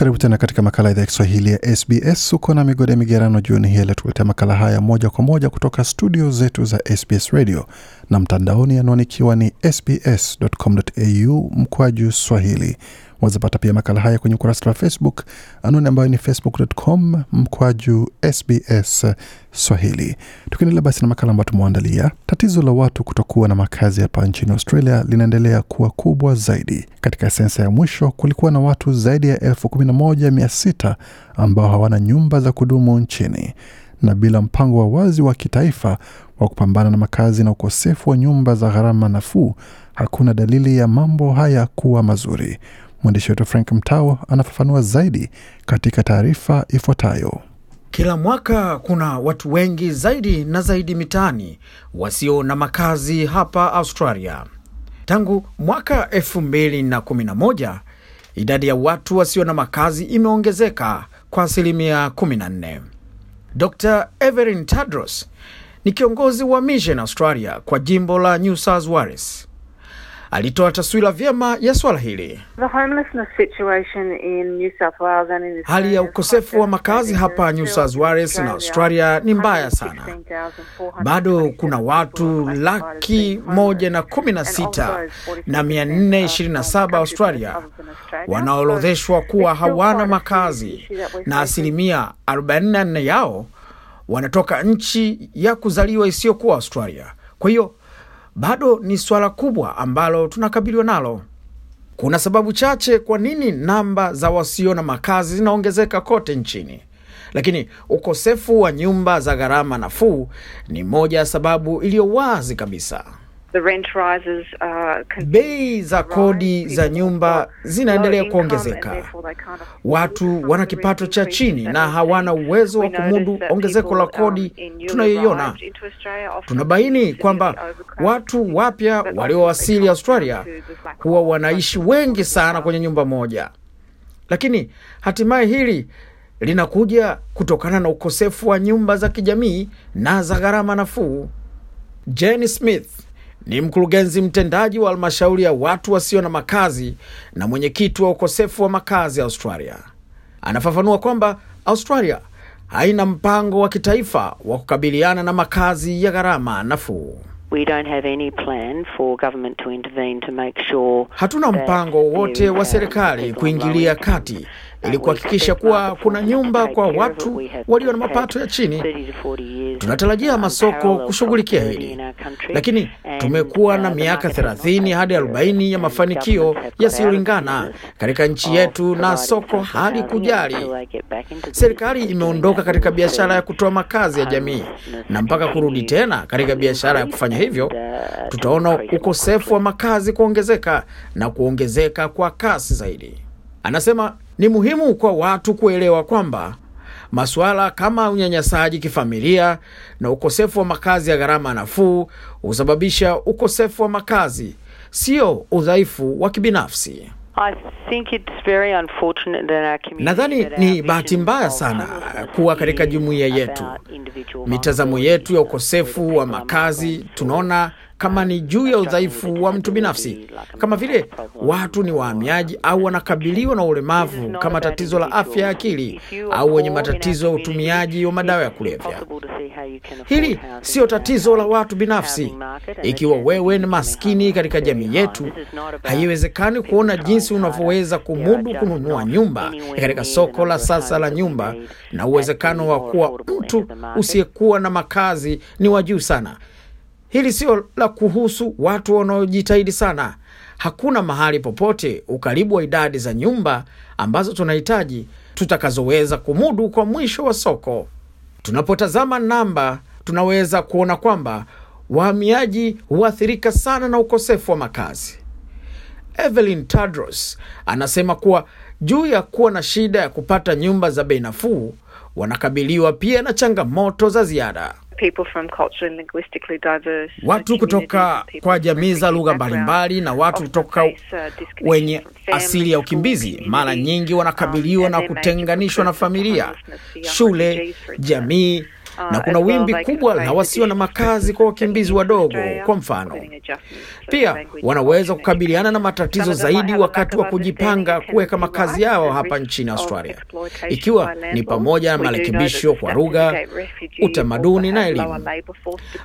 Karibu tena katika makala idhaa ya Kiswahili ya SBS. Uko na migode migerano, jioni hii alituletea makala haya moja kwa moja kutoka studio zetu za SBS radio na mtandaoni, anwani ikiwa ni sbs.com.au mkwaju swahili. Wazapata pia makala haya kwenye ukurasa wa Facebook, anwani ambayo ni facebook.com mkwaju SBS Swahili. Tukiendelea basi na makala ambayo tumewaandalia, tatizo la watu kutokuwa na makazi hapa nchini Australia linaendelea kuwa kubwa zaidi. Katika sensa ya mwisho kulikuwa na watu zaidi ya elfu kumi na moja mia sita ambao hawana nyumba za kudumu nchini na bila mpango wa wazi wa kitaifa wa kupambana na makazi na ukosefu wa nyumba za gharama nafuu, hakuna dalili ya mambo haya kuwa mazuri. Mwandishi wetu Frank Mtao anafafanua zaidi katika taarifa ifuatayo. Kila mwaka kuna watu wengi zaidi na zaidi mitaani wasio na makazi hapa Australia. Tangu mwaka 2011 idadi ya watu wasio na makazi imeongezeka kwa asilimia 14. Dr Everin Tadros ni kiongozi wa Mission Australia kwa jimbo la New South Wales alitoa taswira vyema ya swala hili. Hali ya ukosefu wa makazi hapa New South Wales na Australia ni mbaya sana. Bado kuna watu laki moja na kumi na sita na mia nne ishirini na saba Australia wanaorodheshwa kuwa hawana makazi na asilimia 44 yao wanatoka nchi ya kuzaliwa isiyokuwa Australia. Kwa hiyo bado ni swala kubwa ambalo tunakabiliwa nalo. Kuna sababu chache kwa nini namba za wasio na makazi zinaongezeka kote nchini, lakini ukosefu wa nyumba za gharama nafuu ni moja ya sababu iliyo wazi kabisa. Uh, Bei za kodi za nyumba zinaendelea kuongezeka. Watu wana kipato cha chini na hawana uwezo wa kumudu ongezeko la um, kodi tunayoiona. Tunabaini kwamba watu wapya waliowasili Australia huwa wanaishi wengi sana kwenye nyumba moja, lakini hatimaye hili linakuja kutokana na ukosefu wa nyumba za kijamii na za gharama nafuu. Jenny Smith ni mkurugenzi mtendaji wa halmashauri ya watu wasio na makazi na mwenyekiti wa ukosefu wa makazi Australia. Anafafanua kwamba Australia haina mpango wa kitaifa wa kukabiliana na makazi ya gharama nafuu. We don't have any plan for government to intervene to make sure. Hatuna mpango wowote wa uh, serikali kuingilia kati ili kuhakikisha kuwa kuna nyumba kwa watu walio na mapato ya chini. Tunatarajia masoko kushughulikia hili, lakini tumekuwa na miaka 30 hadi 40 ya mafanikio yasiyolingana katika nchi yetu, na soko hali kujali. Serikali imeondoka katika biashara ya kutoa makazi ya jamii na mpaka kurudi tena katika biashara ya kufanya hivyo, tutaona ukosefu wa makazi kuongezeka na kuongezeka kwa kasi zaidi, anasema. Ni muhimu kwa watu kuelewa kwamba masuala kama unyanyasaji kifamilia na ukosefu wa makazi ya gharama nafuu husababisha ukosefu wa makazi, sio udhaifu wa kibinafsi. Nadhani ni bahati mbaya sana kuwa katika jumuiya yetu, mitazamo yetu ya ukosefu wa makazi tunaona kama ni juu ya udhaifu wa mtu binafsi, kama vile watu ni wahamiaji au wanakabiliwa na ulemavu kama tatizo la afya ya akili au wenye matatizo ya utumiaji wa madawa ya kulevya. Hili siyo tatizo la watu binafsi. Ikiwa wewe ni maskini katika jamii yetu, haiwezekani kuona jinsi unavyoweza kumudu kununua nyumba katika soko la sasa la nyumba, na uwezekano wa kuwa mtu usiyekuwa na makazi ni wa juu sana. Hili sio la kuhusu watu wanaojitahidi sana. Hakuna mahali popote ukaribu wa idadi za nyumba ambazo tunahitaji tutakazoweza kumudu kwa mwisho wa soko. Tunapotazama namba, tunaweza kuona kwamba wahamiaji huathirika sana na ukosefu wa makazi. Evelyn Tadros anasema kuwa juu ya kuwa na shida ya kupata nyumba za bei nafuu, wanakabiliwa pia na changamoto za ziada watu kutoka kwa jamii za lugha mbalimbali na watu kutoka uh, wenye asili ya ukimbizi mara nyingi um, wanakabiliwa na kutenganishwa na familia, shule, jamii Uh, na kuna wimbi kubwa la wasio na makazi kwa wakimbizi wadogo. Kwa mfano, pia wanaweza kukabiliana na matatizo zaidi wakati wa kujipanga kuweka makazi yao hapa nchini Australia, ikiwa ni pamoja na marekebisho kwa lugha, utamaduni na elimu.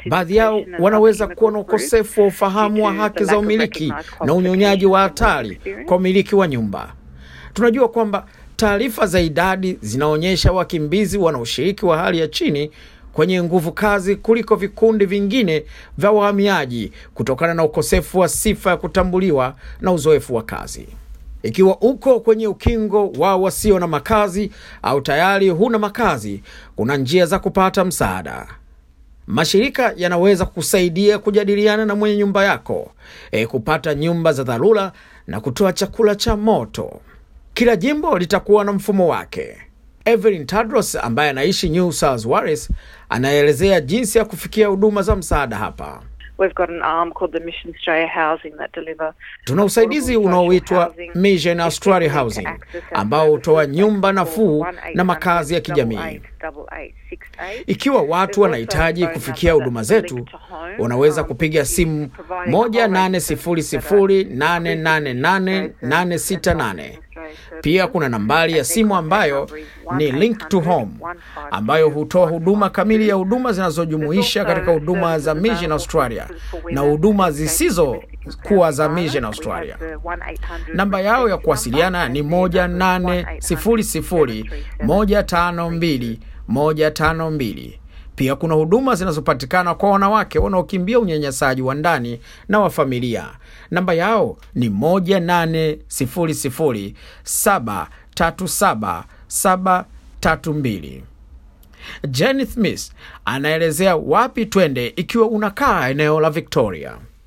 Baadhi yao wanaweza kuwa na ukosefu wa ufahamu wa haki za umiliki na unyonyaji wa hatari kwa umiliki wa nyumba. Tunajua kwamba Taarifa za idadi zinaonyesha wakimbizi wana ushiriki wa hali ya chini kwenye nguvu kazi kuliko vikundi vingine vya wahamiaji kutokana na ukosefu wa sifa ya kutambuliwa na uzoefu wa kazi. Ikiwa uko kwenye ukingo wa wasio na makazi au tayari huna makazi, kuna njia za kupata msaada. Mashirika yanaweza kusaidia kujadiliana na mwenye nyumba yako, e, kupata nyumba za dharura na kutoa chakula cha moto. Kila jimbo litakuwa na mfumo wake. Evelyn Tadros ambaye anaishi New South Wales anaelezea jinsi ya kufikia huduma za msaada hapa. Tuna usaidizi unaoitwa Mission Australia Housing ambao hutoa nyumba nafuu na makazi ya kijamii. Ikiwa watu wanahitaji kufikia huduma zetu, wanaweza um, kupiga simu 1800888868 pia kuna nambari ya simu ambayo ni Link to Home ambayo hutoa huduma kamili ya huduma zinazojumuisha katika huduma za Mission Australia na huduma zisizo kuwa za Mission Australia. Namba yao ya kuwasiliana ni moja tano mbili. Pia kuna huduma zinazopatikana kwa wanawake wanaokimbia unyanyasaji wa ndani na wa familia. Namba yao ni 18007377732. Jenith Smith anaelezea wapi twende ikiwa unakaa eneo la Victoria.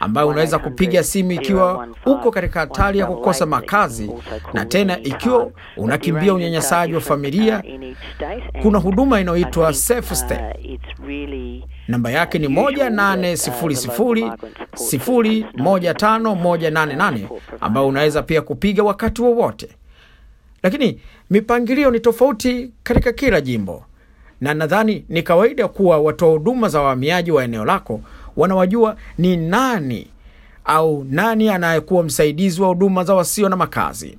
ambayo unaweza kupiga simu ikiwa uko katika hatari ya kukosa makazi, na tena ikiwa unakimbia unyanyasaji wa familia, uh, kuna huduma inayoitwa uh, sefste Namba yake ni uh, moja nane sifuri sifuri sifuri moja tano moja nane nane ambayo unaweza pia kupiga wakati wowote lakini mipangilio ni tofauti katika kila jimbo, na nadhani ni kawaida kuwa watoa huduma za wahamiaji wa eneo lako wanawajua ni nani au nani anayekuwa msaidizi wa huduma za wasio na makazi.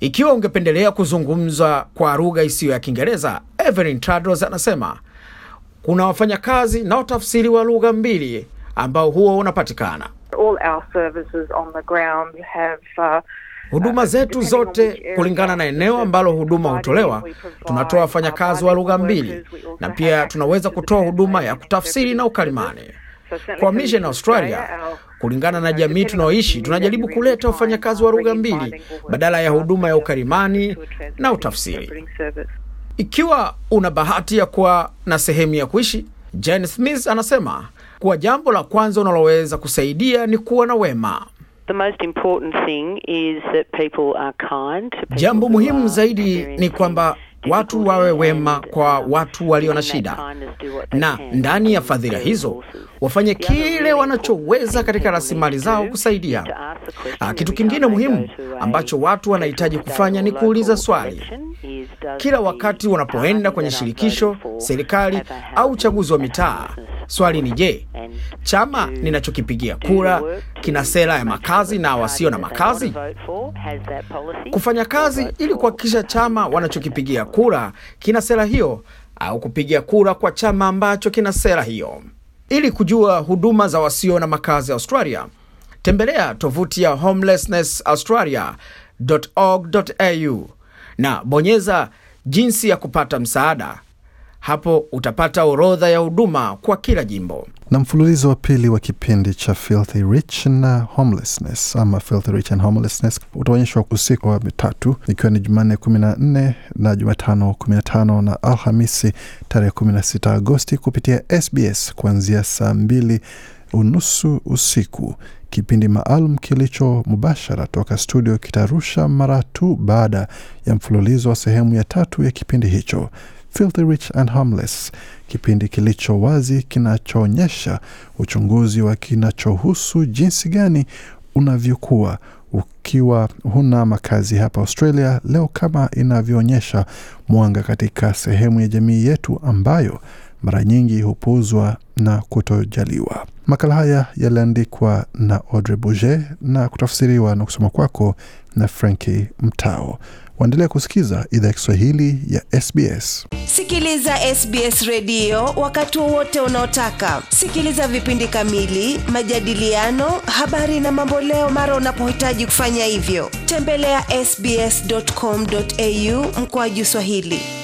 Ikiwa ungependelea kuzungumza kwa rugha isiyo ya Kiingereza, Evelyn Tadros anasema kuna wafanyakazi na watafsiri wa lugha mbili ambao huo unapatikana. Uh, huduma uh, zetu zote kulingana na eneo ambalo huduma hutolewa, tunatoa wafanyakazi wa lugha mbili, na pia tunaweza kutoa huduma ya kutafsiri na ukalimani mission Australia, kulingana na uh, jamii tunayoishi, tunajaribu kuleta wafanyakazi uh, wa rugha mbili badala ya uh, huduma ya ukarimani na utafsiri. Ikiwa una bahati ya kuwa na sehemu ya kuishi, Jane Smith anasema kuwa jambo la kwanza unaloweza kusaidia ni kuwa na wema. The most important thing is that people are kind. Jambo muhimu zaidi ni kwamba watu wawe wema kwa watu walio na shida, na ndani ya fadhila hizo wafanye kile wanachoweza katika rasilimali zao kusaidia. Ah, kitu kingine muhimu ambacho watu wanahitaji kufanya ni kuuliza swali kila wakati wanapoenda kwenye shirikisho, serikali au uchaguzi wa mitaa. Swali ni je, chama ninachokipigia kura kina sera ya makazi na wasio na makazi? Kufanya kazi ili kuhakikisha chama wanachokipigia kura kina sera hiyo au kupigia kura kwa chama ambacho kina sera hiyo. Ili kujua huduma za wasio na makazi Australia, tembelea tovuti ya homelessnessaustralia.org.au na bonyeza jinsi ya kupata msaada hapo utapata orodha ya huduma kwa kila jimbo. Na mfululizo wa pili wa kipindi cha Filthy Rich na Homelessness ama Filthy Rich and Homelessness utaonyeshwa usiku wa mitatu, ikiwa ni Jumanne kumi na nne na Jumatano kumi na tano na Alhamisi tarehe kumi na sita Agosti kupitia SBS kuanzia saa mbili unusu usiku. Kipindi maalum kilicho mubashara toka studio kitarusha mara tu baada ya mfululizo wa sehemu ya tatu ya kipindi hicho. Filthy Rich and harmless kipindi kilicho wazi kinachoonyesha uchunguzi wa kinachohusu jinsi gani unavyokuwa ukiwa huna makazi hapa Australia leo, kama inavyoonyesha mwanga katika sehemu ya jamii yetu ambayo mara nyingi hupuuzwa na kutojaliwa. Makala haya yaliandikwa na Audrey Bouget na kutafsiriwa na kusoma kwako na Franki Mtao. Waendelea kusikiza idhaa ya Kiswahili ya SBS. Sikiliza SBS redio wakati wowote unaotaka. Sikiliza vipindi kamili, majadiliano, habari na mambo leo mara unapohitaji kufanya hivyo. Tembelea ya sbs.com.au mkoaju Swahili.